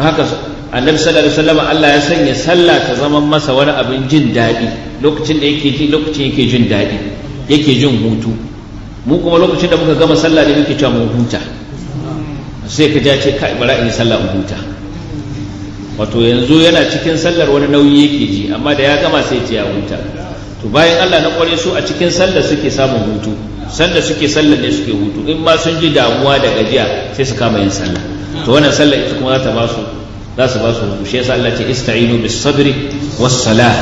haka annabi sallallahu alaihi wasallam Allah ya sanya sallah ta zama masa wani abin jin daɗi lokacin da yake ji lokacin yake jin daɗi yake jin hutu mu kuma lokacin da muka gama sallah ne muke cewa mu huta sai ka ja ce kai bara in sallah in huta wato yanzu yana cikin sallar wani nauyi yake ji amma da ya gama sai ya huta to bayan Allah na kware su a cikin sallar suke samun hutu sallar suke sallar ne suke hutu in ma sun ji damuwa da gajiya sai su kama yin sallah to wannan sallar ita kuma za ta ba su za su ba su hutu shi yasa Allah ce ista'inu bis sabri was salah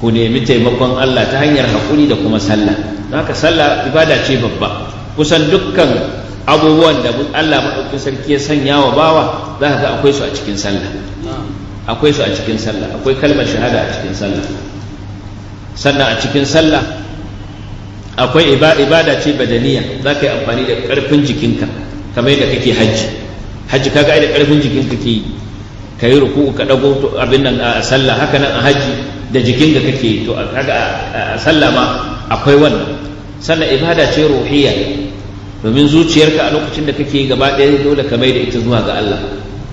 ku nemi taimakon Allah ta hanyar hakuri da kuma sallah haka sallah ibada ce babba kusan dukkan abubuwan da Allah madaukakin sarki ya sanya wa bawa za ka ga akwai su a cikin sallah akwai su a cikin sallah akwai kalmar shahada a cikin sallah sannan a cikin sallah akwai ibada ce badaniya za ka yi amfani da ƙarfin jikinka kamar yadda kake hajji hajji ka ga'ai da ƙarfin jikinka ke ka yi ruku ka ɗago abin nan a sallah haka nan a hajji da jikinka kake to a sallah ma akwai wannan sannan ibada ce ruhiya domin zuciyarka a lokacin da kake gaba ɗaya dole ka mai da ita zuwa ga Allah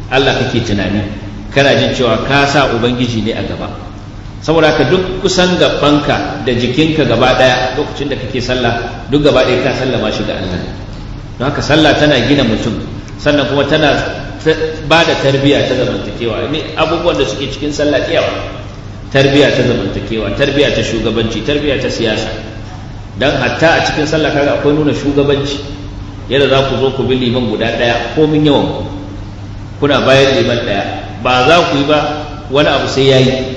Allah kake tunani kana jin cewa ka sa ubangiji ne a gaba saboda ka duk kusan gabanka da jikinka gaba daya lokacin da kake sallah duk gaba daya ka sallama shi ga Allah don haka sallah tana gina mutum sannan kuma tana ba da tarbiya ta zamantakewa ne abubuwan da suke cikin sallah iyawa tarbiya ta zamantakewa tarbiya ta shugabanci tarbiya ta siyasa dan hatta a cikin sallah kaga akwai nuna shugabanci yadda za ku zo ku bi liman guda daya min yawan kuna bayan liman daya ba za ku yi ba wani abu sai yayi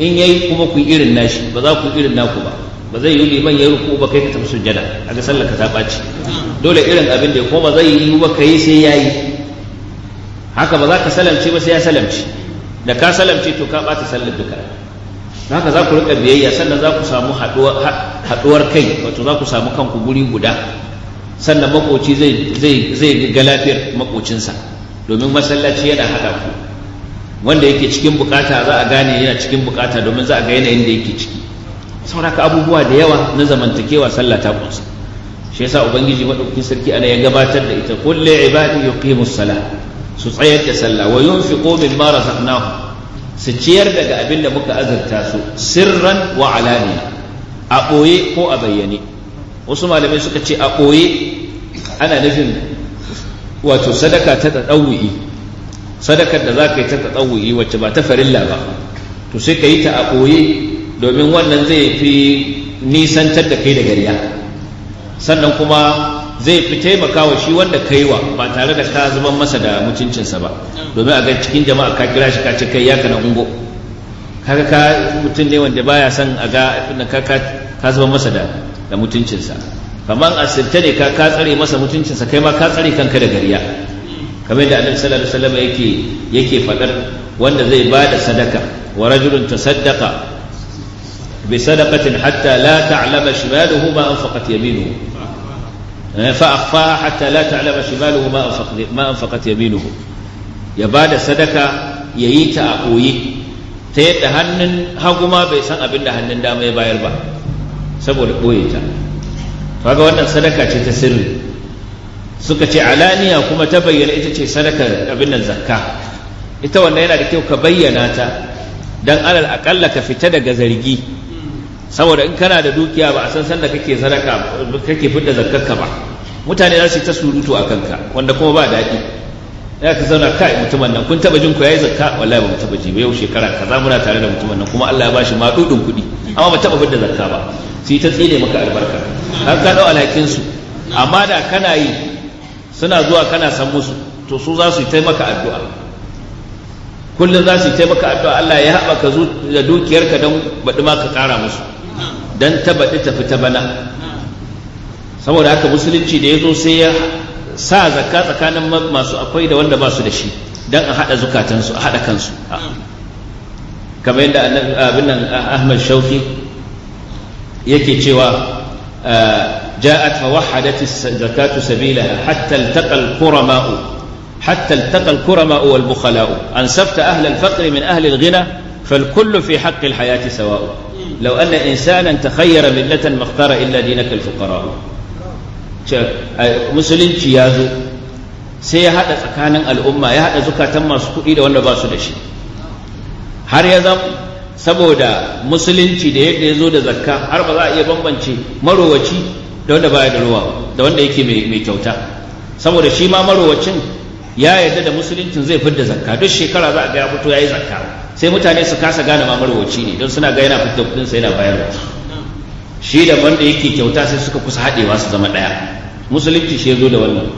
in yayi kuma ku irin nashi ba za ku irin naku ba ba zai yi liman ya ruku ba kai ka tafi sujjada a ga sallar ka ta ɓaci dole irin abin da kuma ba zai yi ba kai sai ya yi haka ba za ka salamce ba sai ya salamce da ka salamce to ka ɓata sallar duka haka za ku riƙa biyayya sannan za ku samu haɗuwar kai wato za ku samu kanku guri guda sannan makoci zai zai zai ga lafiyar makocinsa domin masallaci yana haɗa ku wanda yake cikin bukata za a gane yana cikin bukata domin za a ga yanayin da yake ciki sauraka abubuwa da yawa na zamantakewa sallah ta kunsa shi yasa ubangiji madaukakin sarki ana ya gabatar da ita kulli ibadi yuqimu sala su tsayar da sallah wa yunfiqu mimma razaqnahum su ciyar daga abin da muka azurta su sirran wa alaniya a ɓoye ko a bayyane wasu malamai suka ce a ɓoye ana nufin wato sadaka ta ɗaɗɗauyi sadakar da za ka yi ta tsawuyi wacce ba ta farilla ba to sai ka yi ta a ɓoye domin wannan zai fi nisantar da kai da gariya sannan kuma zai fi taimaka wa shi wanda kai wa ba tare da ka zuban masa da mutuncinsa ba domin a ga cikin jama'a ka kira shi ka ce kai ya kana ungo kaga ka mutum ne wanda baya son a ga ka ka zuban masa da da mutuncinsa kamar asirta ne ka ka tsare masa mutuncinsa kai ma ka tsare kanka da gariya kamar da annabi sallallahu alaihi wasallam yake yake fadar wanda zai bada sadaka wa rajulun tasaddaqa bi sadaqatin hatta la ta'lama shimaluhu ma anfaqat yaminuhu eh, fa akhfa hatta la ta'lama shimaluhu ma anfaqat ma anfaqat yaminuhu ya bada sadaka yayi ta a koyi ta yadda hannun hagu ma bai san abin da hannun dama ya bayar ba saboda ɓoye ta kaga wannan sadaka ce ta sirri suka ce alaniya kuma ta bayyana ita ce sadakar abin nan zakka ita wannan yana da kyau ka bayyana ta dan alal aƙalla ka fita daga zargi saboda in kana da dukiya ba a san sanda kake sadaka kake fita zakkarka ba mutane za su yi ta surutu a kanka wanda kuma ba daɗi ya ka zauna kai mutumin nan kun taba jin ku yayi zakka wallahi ba mu taba ji ba yau shekara kaza muna tare da mutumin nan kuma Allah ya bashi ma dudun kuɗi amma ba taba fita zakka ba sai ta tsine maka albarka har ka dau alakin su amma da kana yi suna zuwa kana san musu to su za su taimaka addu'a kullum za su taimaka addu'a Allah ya haɓaka da dukiyarka don baɗi ma ka ƙara musu don ta baɗi ta fita bana saboda haka musulunci da ya zo sai ya sa zakka tsakanin masu akwai da wanda basu su da shi don a haɗa zukatansu a haɗa kansu kamar yadda abin nan ahmad shauki yake cewa eh, جاءت فوحدت الزكاة سبيلها حتى التقى الكرماء حتى التقى الكرماء والبخلاء أنصفت أهل الفقر من أهل الغنى فالكل في حق الحياة سواء لو أن إنسانا تخير ملة ما اختار إلا دينك الفقراء مسلم تيازو سي هذا كان الأمة يا هذا زكاة ما سكوئي لو أنه باسو لشي هر يزم سبو مسلم تيدي يزود زكاة هر بضاء يبنبن تي مروة da wanda baya da ruwa da wanda yake mai kyauta saboda shi ma marowacin ya yarda da musuluncin zai fidda zakka duk shekara za a ga ya fito yayi zakka sai mutane su kasa gane ma marowaci ne don suna ga yana fitar kudin sai yana bayarwa shi da wanda yake kyauta sai suka kusa haɗewa su zama ɗaya musulunci shi ya zo da wannan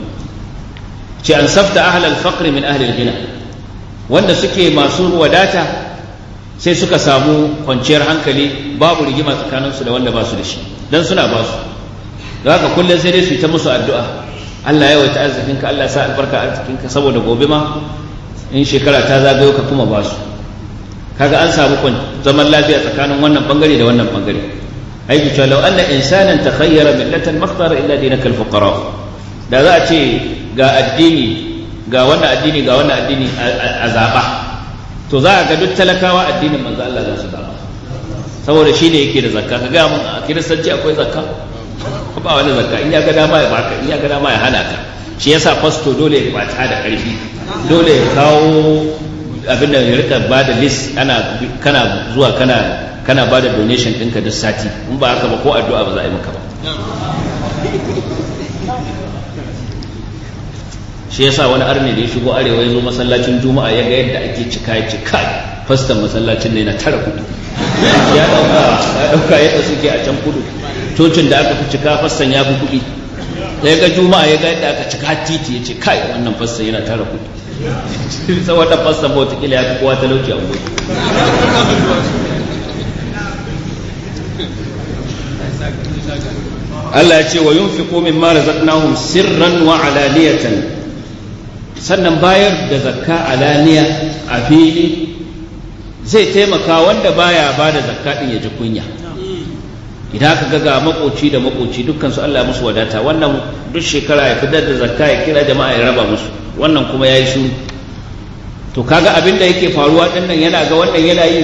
ce an safta ahlal faqr min ahlil ghina wanda suke masu wadata sai suka samu kwanciyar hankali babu rigima tsakaninsu da wanda ba su da shi dan suna ba su don haka kullum sai dai su yi ta musu addu'a Allah ya waita arzikinka Allah sa albarka arzikinka saboda gobe ma in shekara ta zagayo ka kuma ba su kaga an samu zaman lafiya tsakanin wannan bangare da wannan bangare aiki cewa law anna insanan takhayyara millatan makhtara illa dinaka alfuqara da za a ce ga addini ga wannan addini ga wannan addini a zaba to za a ga duk talakawa addinin manzo Allah za su zaba saboda shi ne yake da zakka ka ga mun a kiristanci akwai zakka ba wani zarka in ya ga dama ya baka in ya ga dama ya hana ka shi yasa fasto dole ya bata da karfi dole ya kawo abin da ya rika ba da list ana kana zuwa kana kana ba da donation ɗinka duk sati in ba haka ba ko addu'a ba za a yi maka ba shi yasa wani arne da ya shigo arewa ya zo masallacin juma'a ya ga yadda ake cika cika fastan masallacin ne na tara kudu ya dauka ya dauka yadda suke a can kudu cocin da aka fi cika fastan ya fi kuɗi da ya ga juma'a ya ga yadda aka cika titi ya ce kai wannan fastan yana tara kuɗi sai wata fastan ba kila ya fi kowa talauci a gobe Allah ya ce wa yunfiqu mimma razaqnahum sirran wa alaniyatan sannan bayar da zakka alaniya a fili zai taimaka wanda baya ba da zakka ya ji kunya idan aka ga ga makoci da makoci dukkan su Allah musu wadata wannan duk shekara ya fitar da zakka ya kira jama'a ya raba musu wannan kuma yayi shiru to kaga abin da yake faruwa din nan yana ga wannan yana yi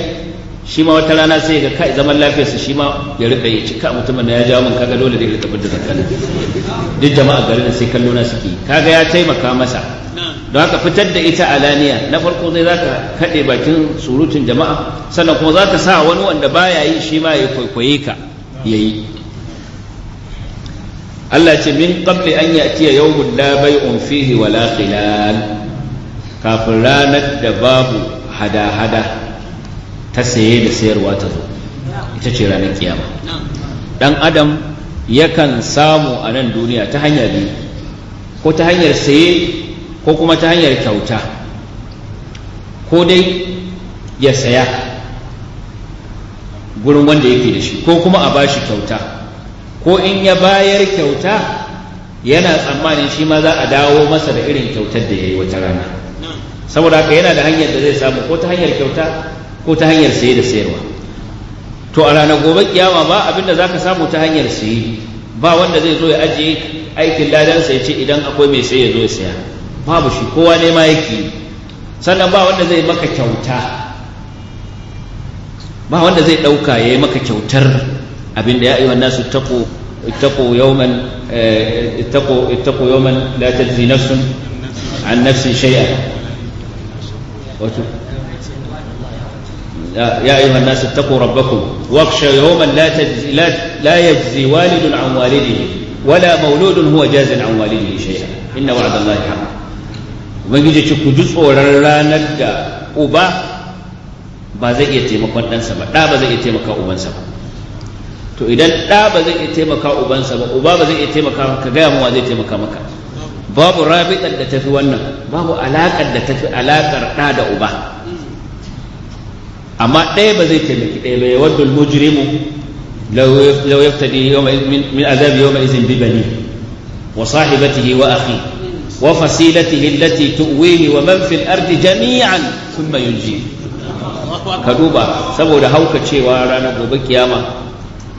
shi ma wata rana sai ga kai zaman lafiyarsa shi ma ya rika ya cika mutumin da ya jawo min kaga dole da ya rika fitar da zakka duk jama'a garin sai kallo na suke kaga ya taimaka masa don haka fitar da ita alaniya na farko zai za ka kaɗe bakin surutun jama'a sannan kuma za ka sa wani wanda baya yi shi ma ya kwaikwaye ka ya yi Allah ce min qabli an ya'tiya yau guda bai fihi wala khilal kafin ranar da babu hada-hada ta saye da sayarwa ta zo ita ce ranar kiyama dan adam yakan samu a nan duniya ta hanya biyu ko ta hanyar saye ko kuma ta hanyar kyauta ko dai ya saya gurin wanda yake da shi ko kuma a ba shi kyauta ko in ya bayar kyauta yana tsammanin shi ma za a dawo masa da irin kyautar da ya yi wata rana saboda haka yana da hanyar da zai samu ko ta hanyar kyauta ko ta hanyar saye da sayarwa to a ranar gobe kiyama ba abin da za ka samu ta hanyar saye ba wanda zai zo ya ajiye aikin ladansa ya ce idan akwai mai sai ya zo ya saya babu shi kowa nema yake sannan ba wanda zai maka kyauta ba wanda zai ɗauka ya yi maka kyautar abin da ya yi wannan su taƙo اتقوا يوما اتقوا اتقوا يوما لا تجزي نفس عن نفس شيئا يا ايها الناس اتقوا ربكم واخشوا يوما لا تجزي لا, لا يجزي والد عن والده ولا مولود هو جاز عن والده شيئا ان وعد الله حق ubangiji ce ku ji tsoron ranar da uba ba zai iya taimakon ɗansa ba ɗa ba zai iya taimaka ubansa ba to idan ɗa ba zai iya taimaka ubansa ba uba ba zai iya taimaka ka gaya mu mawa zai taimaka maka babu rabitar da tafi wannan babu alaƙar da tafi alaƙar ɗa da uba amma ɗaya ba zai taimaki ɗaya ba ya wadda mujrimu law yaftadi yawma min azab yawma izin bi bani wa sahibatihi wa akhihi وفصيلته التي تؤويه ومن في الأرض جميعا ثم ينجيه كدوبا سبو da haukacewa ranar gobe kiyama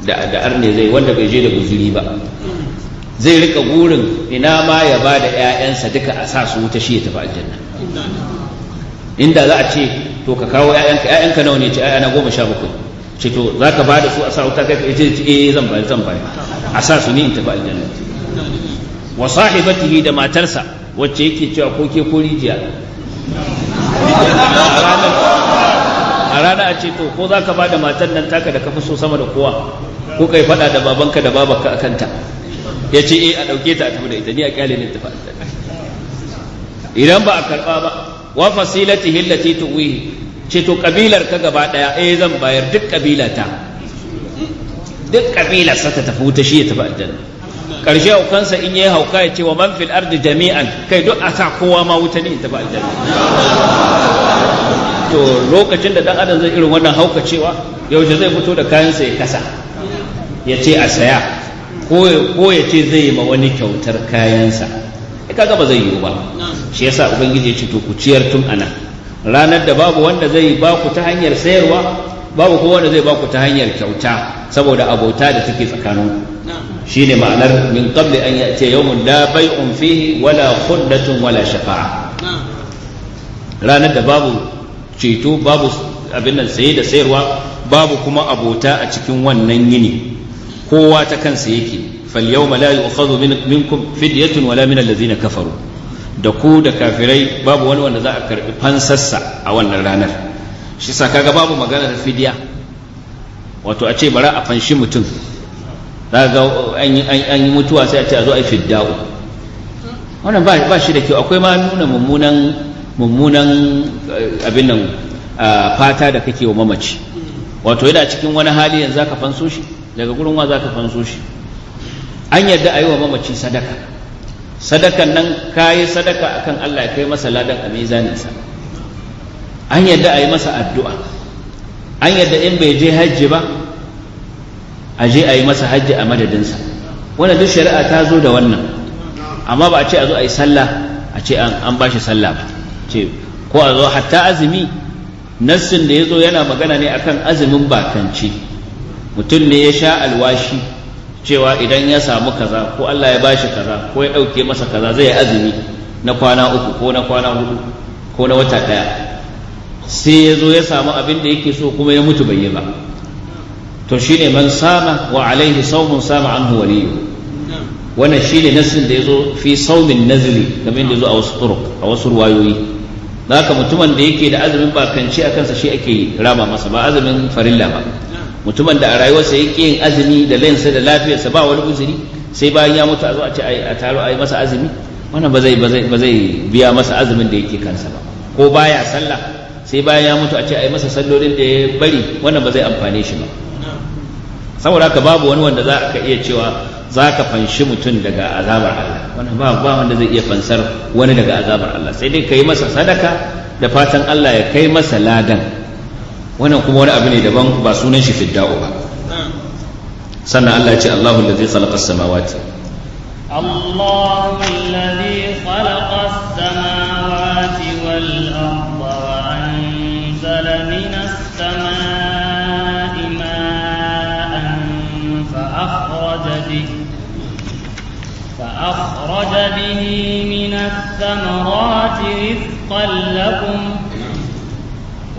da da arne wanda bai je da guzuri ba zai rika burin ina ma ya ba da ƴaƴansa duka a sa su wuta shi ya tafi aljanna inda za a ce to ka kawo ƴaƴanka ƴaƴanka nawa ne ce ƴaƴana goma sha bakwai ce za ka ba da su a sa wuta zan zan a sa su in tafi aljanna wa sahibatihi da matarsa wacce yake cewa ko ke ko rijiya a rana a ce to ko za ka ba da matan nan taka da kafi so sama da kowa ko kai faɗa da babanka da babanka a kanta ya ce eh a ɗauke ta a tafi da ita ni a kyale ne tafi a idan ba a karɓa ba wa fasilati hillati tuwihi ce to kabilar ka gaba ɗaya eh zan bayar duk kabila ta duk kabilar sa ta tafi wuta shi ya tafi aljanna karshe haukansa in yayi hauka ya ce wa man fil ardi jami'an kai duk asa kowa ma wuta ne ta ba aljanna to lokacin da dan adam zai irin wannan haukacewa yaushe zai fito da kayansa ya kasa ya ce a saya ko ya ce zai yi ma wani kyautar kayansa ya kaga ba zai yiwu ba shi yasa ubangiji ya ce to ku ciyar tun ana ranar da babu wanda zai ba ku ta hanyar sayarwa babu kowa da zai ba ku ta hanyar kyauta saboda abota da take tsakaninku. shine ma'anar min qabli an ya'ti yawmun la bay'un fihi wala khullatun wala shafa'a ranar da babu ceto babu abin nan saye da sayarwa babu kuma abota a cikin wannan yini kowa ta kansa yake fal yawma la yu'khadhu minkum fidyatun wala min allazina kafaru da ku da kafirai babu wani wanda za a karbi fansarsa a wannan ranar shi sa kaga babu maganar fidya wato a ce bara a fanshi mutum an yi mutuwa sai a ce a zo a yi fidda'u wannan ba shi da kyau akwai ma nuna mummunan mummunan eh, abin fata da kake wa mamaci wato yana cikin wani hali yanzu zaka fanso shi daga gurin wa zaka fanso shi an yarda a yi wa mamaci sadaka sadakan nan ka yi sadaka akan Allah ya kai masa ladan a mizaninsa an yarda a yi masa addu'a an yarda in bai je hajji ba a je a yi masa hajji a madadinsa wannan duk shari'a ta zo da wannan amma ba a ce a zo a yi sallah a ce an ba shi sallah ba ce ko a zo hatta azumi nassin da ya zo yana magana ne akan azumin bakanci mutum ne ya sha alwashi cewa idan ya samu kaza ko Allah ya ba shi kaza ko ya ɗauke masa kaza zai yi azumi na kwana uku ko na kwana hudu ko na wata ɗaya sai ya zo ya samu abin da yake so kuma ya mutu bai yi ba to ne man sama wa alaihi saumun sama anhu waliyu wannan shine nasin da zo fi saumin nazli kamar da zo a wasu turuq a wasu ruwayoyi haka mutumin da yake da azumin bakanci a kansa shi ake rama masa ba azumin farilla ba mutumin da a rayuwarsa yake yin azumi da layinsa da lafiyarsa ba wani uzuri sai bayan ya mutu a zo a ce a taro a yi masa azumi wannan ba zai biya masa azumin da yake kansa ba ko baya sallah sai bayan ya mutu a ce a yi masa sallolin da ya bari wannan ba zai amfane shi ba saboda haka babu wani wanda za ka iya cewa za ka fanshi mutum daga azabar Allah wannan ba ba wanda zai iya fansar wani daga azabar Allah sai dai ka yi masa sadaka da fatan Allah ya kai masa ladan wannan kuma wani abu ne daban ba sunan shi fidda'u ba sannan Allah ya ce Allahu allazi khalaqa as-samawati Allahu allazi khalaqa as-samawati أخرج به من الثمرات رزقا لكم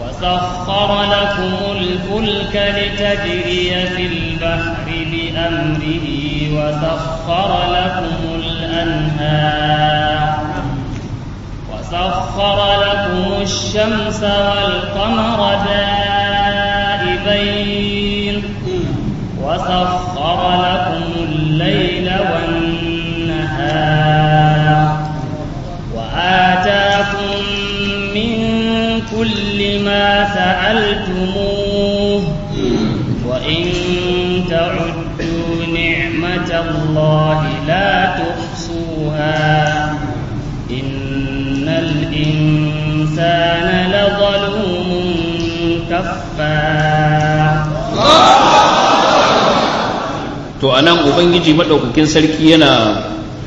وسخر لكم الفلك لتجري في البحر بأمره وسخر لكم الأنهار وسخر لكم الشمس والقمر دائبين وسخر لكم الليل والنهار كل ما سألتموه وإن تعدوا نعمة الله لا تحصوها إن الإنسان لظلوم كفار to a nan ubangiji maɗaukakin sarki yana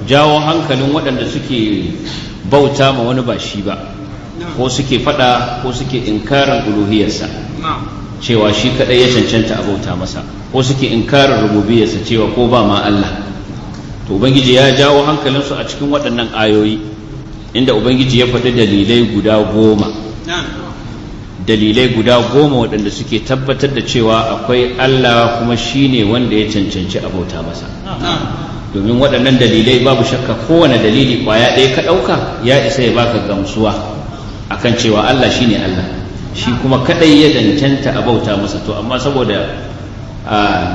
jawo hankalin waɗanda suke bauta ma wani ba shi ba ko suke fada ko suke inkarin uluhiyarsa cewa shi kadai ya cancanta abauta masa ko suke inkarin rububiyarsa cewa ko ba ma Allah to ubangiji ya jawo hankalinsu a cikin waɗannan ayoyi inda ubangiji ya faɗi dalilai guda goma dalilai guda goma waɗanda suke tabbatar da cewa akwai Allah kuma shi ne wanda ya cancanci abauta masa domin waɗannan dalilai babu shakka kowane dalili kwaya ɗaya ka ɗauka ya isa ya baka gamsuwa akan cewa Allah shine Allah shi kuma kadai ya dancanta a bauta masa to amma saboda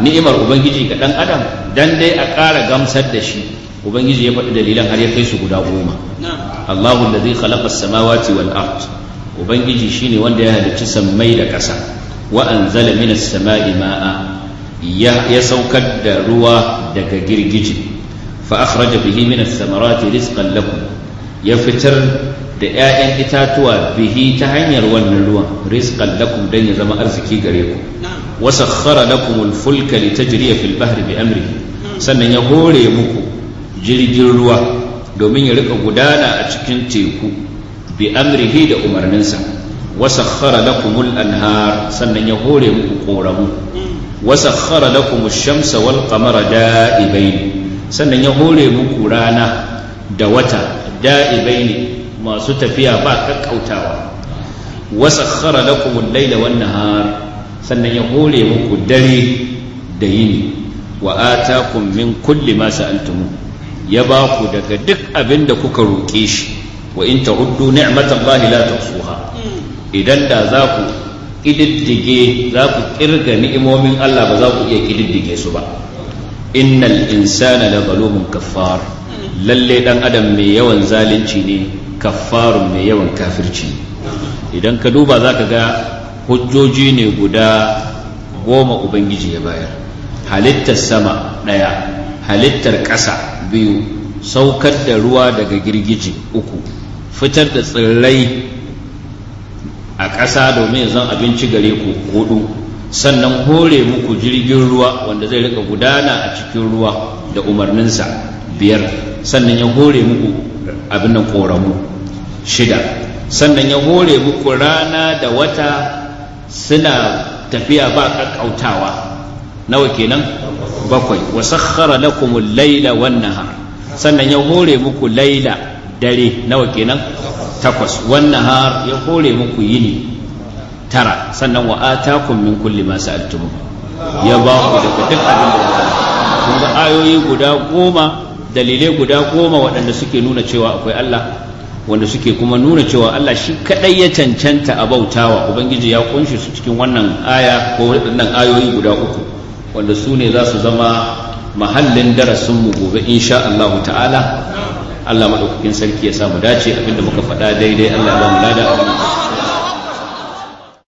ni'imar ubangiji ga dan adam dan dai a ƙara gamsar da shi ubangiji ya faɗi dalilan har ya kai su guda goma Allahu allazi khalaqa as-samawati wal ard ubangiji shine wanda ya halicci sammai da ƙasa wa anzala minas sama'i ma'a ya saukar da ruwa daga girgije fa akhraja bihi minas samarati rizqan lakum ya fitar da 'ya'yan itatuwa bihi ta hanyar wannan ruwan rizqan lakum dan ya zama arziki gare ku wa sakhkhara lakum al-fulka litajriya fil bahri bi amrihi sannan ya hore muku jirgin ruwa domin ya rika gudana a cikin teku bi amrihi da umarninsa wa sakhkhara lakum al-anhar sannan ya hore muku koramu wa sakhkhara lakum ash-shamsa wal qamara da'ibain sannan ya hore muku rana da wata ne masu tafiya ba kakkautawa wasakhara lakum kuma laila wannan har sannan ya hore muku dare da yini wa atakum min kulli ma sa'altum ya ba ku daga duk abin da kuka roƙe shi wa in ta'uddu ni'matallahi la tuhsuha idan da za ku ƙididdige za ku ƙirga ni'imomin Allah ba za ku iya ƙididdige su ba innal insana la zalumun kaffar lalle dan adam mai yawan zalunci ne kaffarun mai yawan kafirci idan ka duba za ka ga hujjoji ne guda goma ubangiji ya bayar halittar sama ɗaya halittar ƙasa biyu saukar da ruwa daga girgije uku fitar da tsirrai a ƙasa domin zan abinci gare ku hudu sannan hore muku jirgin ruwa wanda zai rika gudana a cikin ruwa da umarninsa biyar sannan ya hore muku abin da ƙoramu shida sannan ya hore muku rana da wata suna tafiya ba ƙaƙƙautawa nawa kenan bakwai wasu sakhara lakum al-laila wannan nahar sannan ya hore muku laila dare nawa kenan takwas wannan nahar ya hore muku yini tara sannan wa atakum min kulli ma sa'altum ya ba ku daga duk abin da Kuma ga ayoyi guda goma dalilai guda goma waɗanda suke nuna cewa akwai Allah wanda suke kuma nuna cewa Allah shi kaɗai ya cancanta a bautawa ubangiji ya kunshi su cikin wannan aya ko waɗannan ayoyi guda uku wanda su ne za su zama mahallin darasinmu gobe insha Allah ta'ala Allah maɗaukakin sarki ya samu dace abinda muka faɗa daidai Allah ya ba mu lada